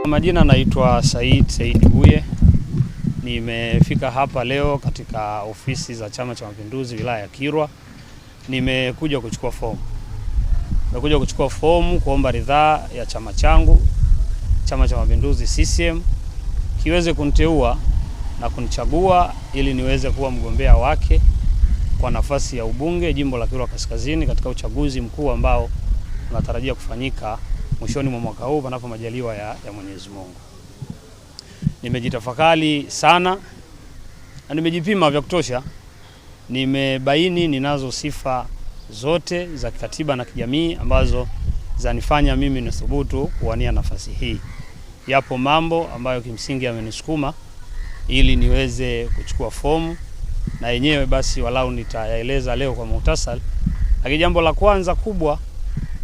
Kwa majina naitwa Said Said buye Nimefika hapa leo katika ofisi za Chama cha Mapinduzi wilaya ya kirwa Nimekuja kuchukua fomu, nimekuja kuchukua fomu kuomba ridhaa ya chama changu Chama cha Mapinduzi CCM kiweze kuniteua na kunichagua ili niweze kuwa mgombea wake kwa nafasi ya ubunge jimbo la Kilwa Kaskazini katika uchaguzi mkuu ambao tunatarajia kufanyika mwishoni mwa mwaka huu panapo majaliwa ya, ya Mwenyezi Mungu. Nimejitafakari sana na nimejipima vya kutosha. Nimebaini ninazo sifa zote za kikatiba na kijamii ambazo zanifanya mimi nithubutu kuwania nafasi hii. Yapo mambo ambayo kimsingi yamenisukuma ili niweze kuchukua fomu na yenyewe basi walau nitayaeleza leo kwa muhtasari. Lakini jambo la kwanza kubwa,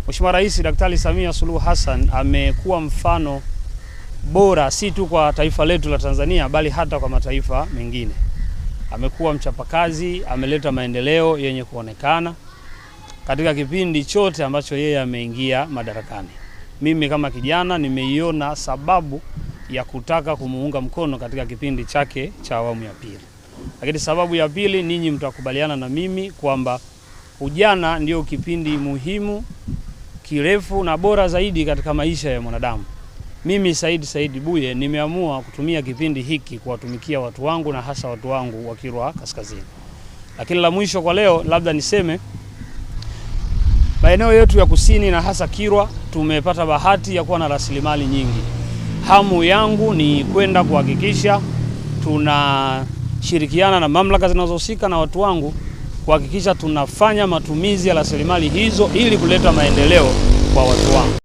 Mheshimiwa Rais Daktari Samia Suluhu Hassan amekuwa mfano bora si tu kwa taifa letu la Tanzania bali hata kwa mataifa mengine. Amekuwa mchapakazi, ameleta maendeleo yenye kuonekana katika kipindi chote ambacho yeye ameingia madarakani. Mimi kama kijana nimeiona sababu ya kutaka kumuunga mkono katika kipindi chake cha awamu ya pili. Lakini sababu ya pili, ninyi mtakubaliana na mimi kwamba ujana ndio kipindi muhimu kirefu na bora zaidi katika maisha ya mwanadamu. Mimi Said Said Buye nimeamua kutumia kipindi hiki kuwatumikia watu wangu na hasa watu wangu wa Kilwa Kaskazini. Lakini la mwisho kwa leo, labda niseme maeneo yetu ya kusini na hasa Kilwa tumepata bahati ya kuwa na rasilimali nyingi. Hamu yangu ni kwenda kuhakikisha tuna shirikiana na mamlaka zinazohusika na watu wangu kuhakikisha tunafanya matumizi ya rasilimali hizo ili kuleta maendeleo kwa watu wangu.